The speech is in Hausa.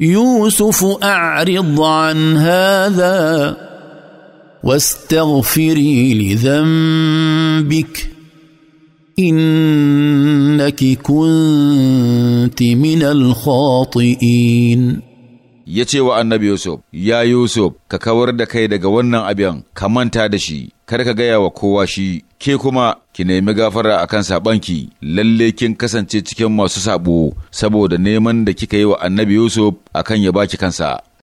يوسف اعرض عن هذا واستغفري لذنبك إنك كنت من الخاطئين ya ce wa annabi Yusuf, Ya Yusuf, ka kawar da kai daga wannan abin, ka manta da shi, kar ka gaya wa kowa shi, ke kuma ki nemi gafara a kan saɓanki, lalle kin kasance cikin masu saɓo saboda neman da kika yi wa annabi Yusuf a kan ya baki kansa.